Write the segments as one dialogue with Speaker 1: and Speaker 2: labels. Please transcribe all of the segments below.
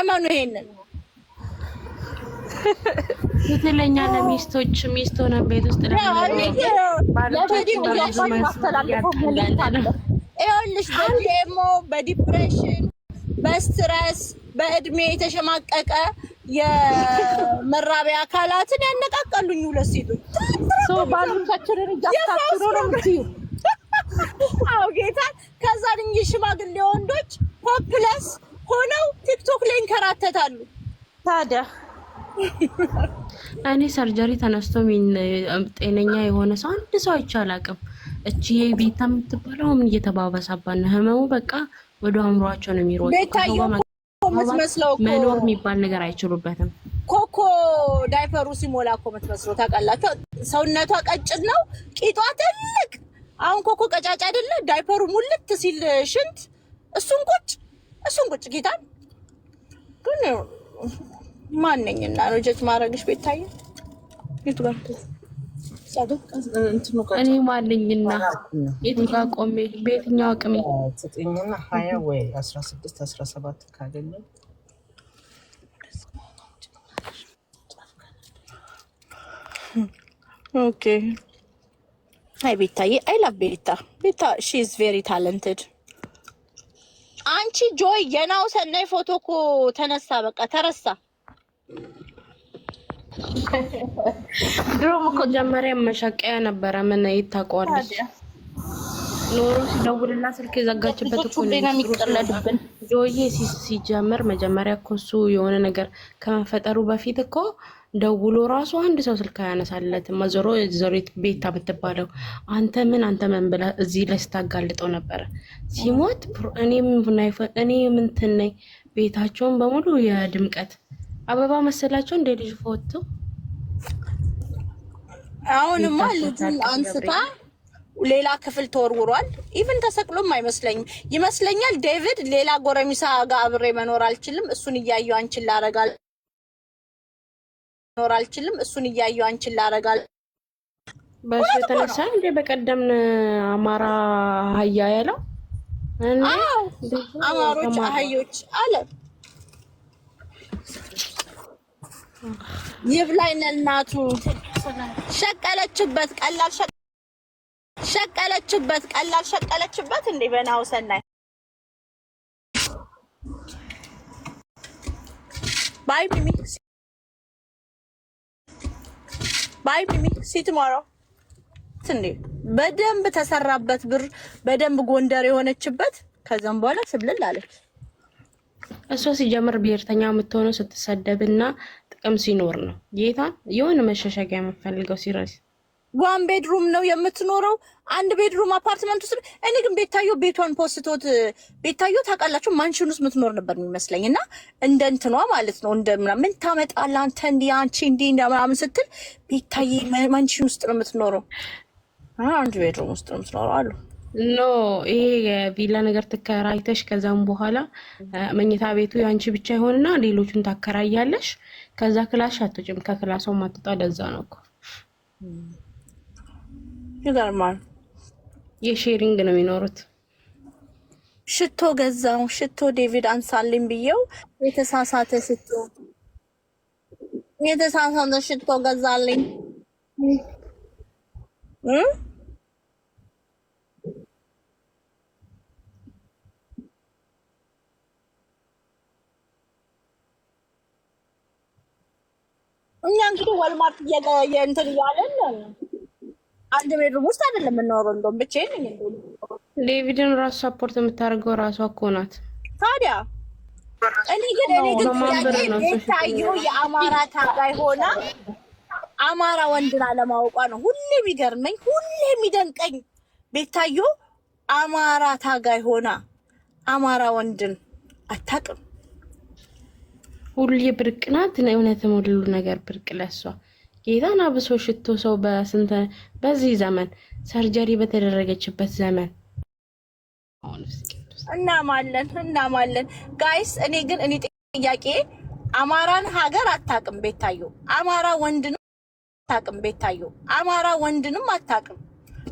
Speaker 1: እመኑ ይሄንን
Speaker 2: ትክክለኛ ለሚስቶች ሚስት ሆነ ቤት ውስጥ
Speaker 1: ይኸውልሽ፣ በዴሞ በዲፕሬሽን በስትረስ በእድሜ የተሸማቀቀ የመራቢያ አካላትን ያነቃቀሉኝ ሁለት ሴቶች
Speaker 2: ባሎቻችንን እያሳስሮ
Speaker 1: ነው ምትዩ? አዎ ጌታ ከዛ ድኝ ሽማግሌ ወንዶች ፖፕለስ ሆነው ቲክቶክ ላይ እንከራተታሉ። ታዲያ
Speaker 2: እኔ ሰርጀሪ ተነስቶ ጤነኛ የሆነ ሰው አንድ ሰው አይቼ አላውቅም። እቺ ቤታ የምትባለው ምን እየተባባሳባት ነው? ህመሙ በቃ ወደ አእምሯቸው ነው
Speaker 1: የሚሮጠው።
Speaker 2: መኖር የሚባል ነገር አይችሉበትም።
Speaker 1: ኮኮ ዳይፐሩ ሲሞላ እኮ የምትመስለው ታውቃላችሁ። ሰውነቷ ቀጭን ነው፣ ቂጧ ትልቅ። አሁን ኮኮ ቀጫጭ አይደለ? ዳይፐሩ ሙልት ሲል ሽንት እሱን ቁጭ እሱን ቁጭ ጌታን ግን ማነኝና ነው ጀጅ ማድረግሽ ቤታዬ የቱ ጋር
Speaker 2: እኔ ማለኝና የቱ ጋር ቆሜ በየትኛው አቅሜ ዘጠኝና ሀያ ወይ አስራ ስድስት አስራ ሰባት ካገኘ ኦኬ አይ ቤታዬ አይ ላቭ ቤታ ቤታ ሺ ኢዝ ቬሪ ታለንትድ
Speaker 1: አንቺ ጆይ የናው ሰናይ ፎቶ እኮ ተነሳ፣ በቃ ተረሳ።
Speaker 2: ድሮም እኮ ጀመሪያ መሸቀያ ነበረ። ምን ይታውቀዋለች ኖሮ ሲደውልና ስልክ የዘጋችበት
Speaker 1: እኮ ነው የሚቀለድብን
Speaker 2: ጆዬ ሲጀመር መጀመሪያ እኮ እሱ የሆነ ነገር ከመፈጠሩ በፊት እኮ ደውሎ ራሱ አንድ ሰው ስልክ አያነሳለትም። መዞሮ ዘሬት ቤታ የምትባለው አንተ ምን አንተ ምን ብላ እዚህ ላይ ስታጋልጠው ነበረ። ሲሞት እኔ ምንትን ነኝ ቤታቸውን በሙሉ የድምቀት አበባ መሰላቸው እንደ ልጅ ፎቶ
Speaker 1: አሁንማ ልጁን አንስታ ሌላ ክፍል ተወርውሯል። ኢቭን ተሰቅሎም አይመስለኝም ይመስለኛል። ዴቪድ ሌላ ጎረሚሳ ጋር አብሬ መኖር አልችልም፣ እሱን እያየሁ አንቺን ላረጋል መኖር አልችልም፣ እሱን እያየሁ አንቺን ላረጋል።
Speaker 2: በሱ የተነሳ እንደ በቀደም አማራ አህያ ያለው
Speaker 1: አማሮች አህዮች አለ ይብላኝ እናቱ ሸቀለችበት ቀላል ሸቀለችበት፣ ቀላል ሸቀለችበት። እንደ በናው ሰናይ ባይ ሚሚ ባይ ሚሚ ሲትማሮ እንዴ በደንብ ተሰራበት ብር በደንብ ጎንደር የሆነችበት ከዛም በኋላ ስብልል አለች።
Speaker 2: እሷ ሲጀምር ብሔርተኛ የምትሆነው ስትሰደብና ጥቅም ሲኖር ነው። ጌታ የሆነ መሸሸጊያ የምፈልገው ሲረስ
Speaker 1: ዋን ቤድሩም ነው የምትኖረው፣ አንድ ቤድሩም አፓርትመንት ውስጥ። እኔ ግን ቤታዮ ቤቷን ፖስቶት ቤታዮ ታውቃላችሁ፣ ማንሽን ውስጥ የምትኖር ነበር የሚመስለኝ እና እንደ እንትኗ ማለት ነው እንደ ምን ታመጣለህ አንተ እንዲ አንቺ እንዲ ምናምን ስትል ቤታዬ ማንሽን ውስጥ ነው የምትኖረው፣ አንድ ቤድሩም ውስጥ ነው የምትኖረው አሉ።
Speaker 2: ኖ ይሄ የቪላ ነገር ትከራይተሽ ከዛም በኋላ መኝታ ቤቱ የአንቺ ብቻ ይሆንና ሌሎቹን ታከራያለሽ። ከዛ ክላሽ አትጭም ከክላሷም አትወጣ። ለዛ ነው እኮ ይገርማል። የሼሪንግ ነው የሚኖሩት።
Speaker 1: ሽቶ ገዛው ሽቶ ዴቪድ አንሳልኝ ብየው የተሳሳተ ሽቶ የተሳሳተ ሽቶ ገዛልኝ። እኛ እንግዲህ ወልማርት እየእንትን እያለን አንድ ቤድሩም ውስጥ አይደለም የምናወራው። እንደውም ብቻዬን ነኝ። እንደውም
Speaker 2: ዴቪድን ራሱ ሳፖርት የምታደርገው ራሷ እኮ ናት።
Speaker 1: ታዲያ እኔ ግን እኔ
Speaker 2: ግን
Speaker 1: ታዩ የአማራ ታጋይ ሆና አማራ ወንድና አለማወቋ ነው ሁሌ የሚገርመኝ ሁሌ የሚደንቀኝ። ቤታዮ አማራ ታጋይ ሆና አማራ ወንድን አታውቅም።
Speaker 2: ሁሌ ብርቅ ናት። እውነትም ሁሉ ነገር ብርቅ ለሷ ጌታን አብሶ ሽቶ ሰው በስንተ በዚህ ዘመን ሰርጀሪ በተደረገችበት ዘመን
Speaker 1: እናማለን እናማለን። ጋይስ እኔ ግን እኔ ጥያቄ አማራን ሀገር አታቅም ቤታዩ አማራ ወንድንም አታቅም ቤታዩ አማራ ወንድንም አታቅም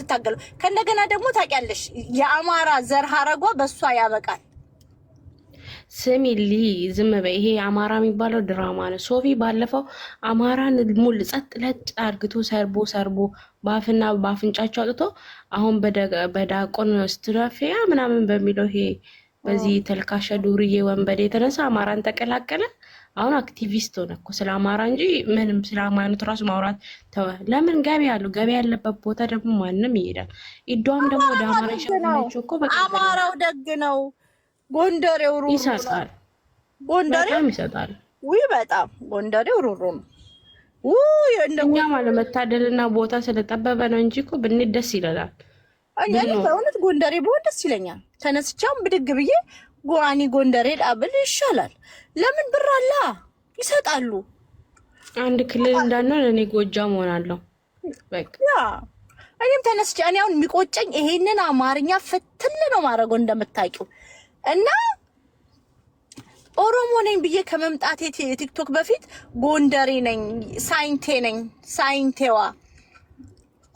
Speaker 1: ትታገሉ። ከእንደገና ደግሞ ታውቂያለሽ የአማራ ዘር ሀረጓ በእሷ ያበቃል።
Speaker 2: ስሚ ሊ ዝም በይ። ይሄ አማራ የሚባለው ድራማ ነው። ሶፊ ባለፈው አማራን ሙል ጸጥ ለጭ አርግቶ ሰርቦ ሰርቦ ባፍና ባፍንጫቸው አውጥቶ አሁን በዳቆን ስትራፊያ ምናምን በሚለው ይሄ በዚህ ተልካሸ ዱርዬ ወንበዴ የተነሳ አማራን ተቀላቀለ። አሁን አክቲቪስት ሆነ እኮ ስለ አማራ እንጂ ምንም ስለ ሃይማኖት ራሱ ማውራት ተወ። ለምን ገቢ አለው? ገቢ ያለበት ቦታ ደግሞ ማንም ይሄዳል። ኢዷም ደግሞ ወደ አማራ ሸለችው
Speaker 1: እኮ አማራው ደግ ነው። ጎንደሬው ሩሩ ይሰጣል። ጎንደሬው ይሰጣል። ውይ በጣም ጎንደሬው ሩሩ ነው። ውይ እንደኛ
Speaker 2: ማለት መታደልና ቦታ ስለጠበበ ነው እንጂ እኮ ብንሄድ ደስ ይለናል።
Speaker 1: እኔ በእውነት ጎንደሬ ብሆን ደስ ይለኛል። ተነስቻም ብድግ ብዬ ጎአኒ ጎንደሬ ዳብል ይሻላል። ለምን ብር አላ ይሰጣሉ።
Speaker 2: አንድ ክልል እንዳንሆን እኔ ጎጃ እሆናለሁ።
Speaker 1: ያ እኔም ተነስቼ እኔ አሁን የሚቆጨኝ ይሄንን አማርኛ ፍትል ነው ማድረገው እንደምታውቂው እና ኦሮሞ ነኝ ብዬ ከመምጣቴ ቲክቶክ በፊት ጎንደሬ ነኝ፣ ሳይንቴ ነኝ፣ ሳይንቴዋ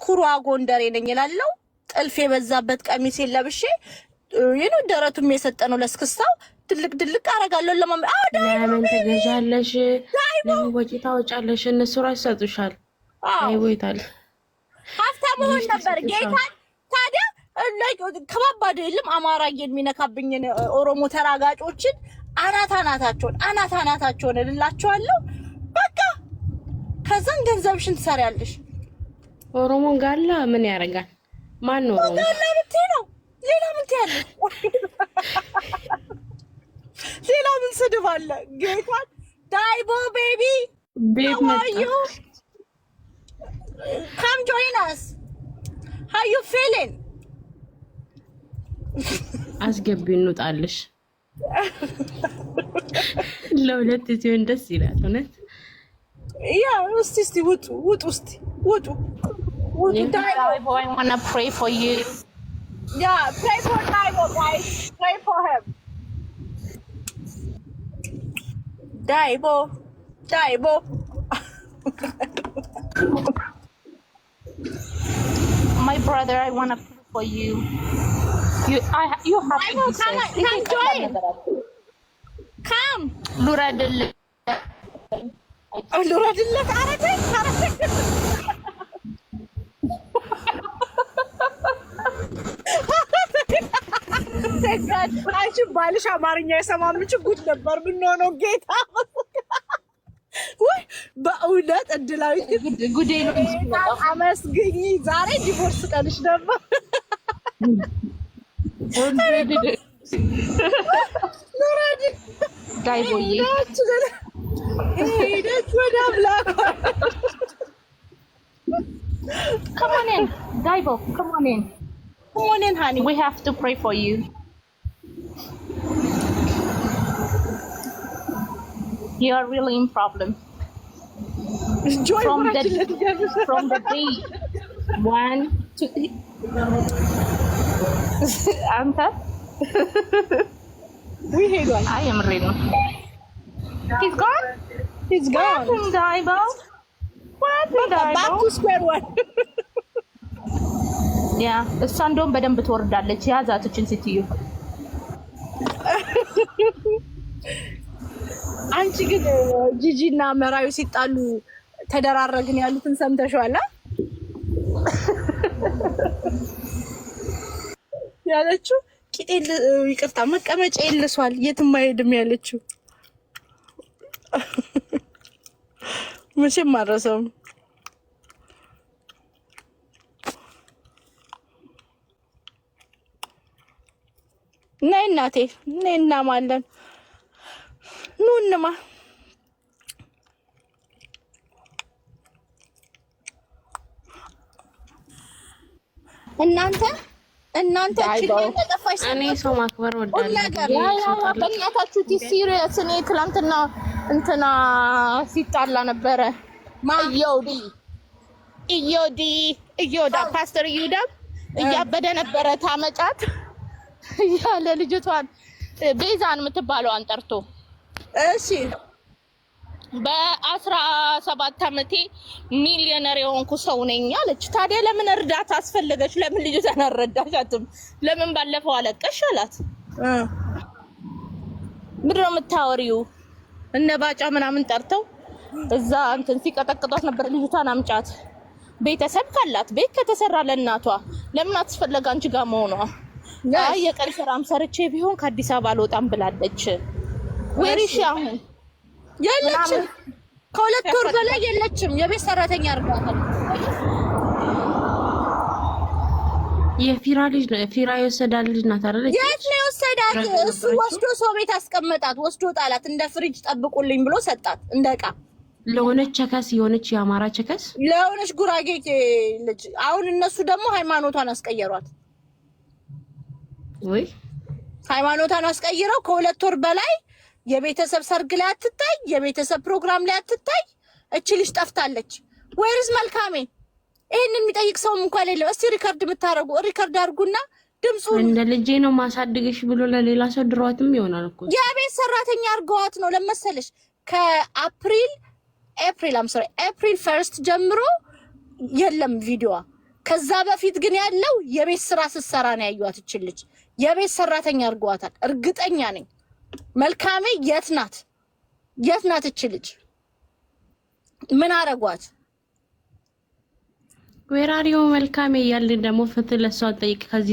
Speaker 1: ኩሯ ጎንደሬ ነኝ ይላለው። ጥልፍ የበዛበት ቀሚስ ለብሼ ይህን ደረቱም የሰጠ ነው ለስክስታው ድልቅ ድልቅ አረጋለሁ። ለማም
Speaker 2: ለምን ትገዣለሽ? ለምን ወጪ ታወጫለሽ? እነሱ ራሱ ይሰጡሻል። አይወይታል
Speaker 1: ሀብታም መሆን ነበር ጌታ ታዲያ ከባባድ የለም አማራ የሚነካብኝን ኦሮሞ ተራጋጮችን አናት አናታቸውን አናት አናታቸውን እልላቸዋለሁ። በቃ ከዛን ገንዘብሽን ትሰሪያለሽ።
Speaker 2: ኦሮሞ ጋላ ምን ያደርጋል? ማን ነው ኦሮሞ
Speaker 1: ጋላ ብትይ ነው። ሌላ ምን ያለ ሌላ ምን ስድብ አለ? ጌታን ዳይቦ ቤቢ ቤት መጣ ካም ጆይናስ አስ ሃዩ ፊሊንግ
Speaker 2: አስገቢ እንውጣለሽ። ለሁለት ሲሆን ደስ ይላል። እውነት
Speaker 1: ያ እስቲ እስቲ ውጡ ውጡ እስቲ ውጡ ውጡ ዳይቦ ዳይቦ
Speaker 3: my brother I want to pray for you
Speaker 1: አንቺ ባልሽ አማርኛ የሰማን ምች ጉድ ነበር። ምን ሆነው ጌታ ወይ በእውነት እድላዊ ጉዴ ነው። አመስግኝ ዛሬ ዲቮርስ ቀንሽ ነበር።
Speaker 2: Come on
Speaker 3: in, Daibo. Come on in. Come on in, honey. We have to pray for you. You are really in problem.
Speaker 1: from
Speaker 3: the, from the day one to
Speaker 1: አንተ ሄዷል።
Speaker 3: አይ የምሬን ነው።
Speaker 1: ሂዝ ጋን ሂዝ ጋን
Speaker 3: ያ እሷ እንደውም በደንብ ትወርዳለች። ያዛትችን ስትዩ
Speaker 1: አንቺ ግን ጂጂ እና መራዊ ሲጣሉ ተደራረግን ያሉትን ሰምተሽዋል? ያለችው ቂጤ ይቅርታ፣ መቀመጫ የለሷል የትም አይሄድም ያለችው መቼም አረሰውም። ነይ እናቴ፣ ነይ እናማለን፣ ኑ እንማ እናንተ እናንተ
Speaker 2: ተጠፋሽ። እኔ ሰው ማክበር ወዳለሁበእናታችሁ ሲሪየስ። እኔ ትላንትና እንትና ሲጣላ ነበረ
Speaker 1: እዮዲ እዮዲ እዮዳ ፓስተር እዮዳ እያበደ ነበረ። ታመጫት እያለ ልጅቷን ቤዛን የምትባለዋን ጠርቶ እሺ በአስራ ሰባት አመቴ ሚሊዮነር የሆንኩ ሰው ነኝ አለች። ታዲያ ለምን እርዳታ አስፈለገች? ለምን ልጅ ተናረዳሻትም? ለምን ባለፈው አለቀሽ አላት። ምንድን ነው የምታወሪው? እነ ባጫ ምናምን ጠርተው እዛ እንትን ሲቀጠቅጧት ነበር። ልጅቷን አምጫት ቤተሰብ ካላት ቤት ከተሰራ ለእናቷ ለምን አትስፈለግ አንቺ ጋር መሆኗ? የቀን ስራም ሰርቼ ቢሆን ከአዲስ አበባ አልወጣም ብላለች። ወሪሽ አሁን የለችም። ከሁለት ወር በላይ የለችም። የቤት ሰራተኛ አርጋታል።
Speaker 2: የፊራ ልጅ ፊራ የወሰዳት ልጅ ናት አይደል?
Speaker 1: የት ነው የወሰዳት? እሱ ወስዶ ሰው ቤት አስቀመጣት። ወስዶ ጣላት። እንደ ፍሪጅ ጠብቁልኝ ብሎ ሰጣት። እንደ ዕቃ
Speaker 2: ለሆነች ቸከስ፣ የሆነች የአማራ ቸከስ፣
Speaker 1: ለሆነች ጉራጌ ልጅ። አሁን እነሱ ደግሞ ሃይማኖቷን አስቀየሯት ወይ ሃይማኖቷን አስቀይረው ከሁለት ወር በላይ የቤተሰብ ሰርግ ላይ አትታይ፣ የቤተሰብ ፕሮግራም ላይ አትታይ። እች ልጅ ጠፍታለች። ወይርስ መልካሜ? ይህንን የሚጠይቅ ሰውም እንኳ የለም። እስቲ ሪከርድ የምታደረጉ ሪከርድ አድርጉና
Speaker 2: ድምፁ እንደ ልጄ ነው ማሳድግሽ ብሎ ለሌላ ሰው ድሯትም ይሆናል እኮ
Speaker 1: የቤት ሰራተኛ አድርገዋት ነው ለመሰለሽ ከአፕሪል ኤፕሪል አምስራ ኤፕሪል ፈርስት ጀምሮ የለም ቪዲዮዋ። ከዛ በፊት ግን ያለው የቤት ስራ ስትሰራ ነው ያዩዋት። እችልች የቤት ሰራተኛ አድርገዋታል፣ እርግጠኛ ነኝ። መልካሜ የት ናት? የት ናት? እች ልጅ ምን አረጓት?
Speaker 2: ወራሪው መልካሜ እያልን ደግሞ ፍትህ ለሷ ጠይቅ ከዚህ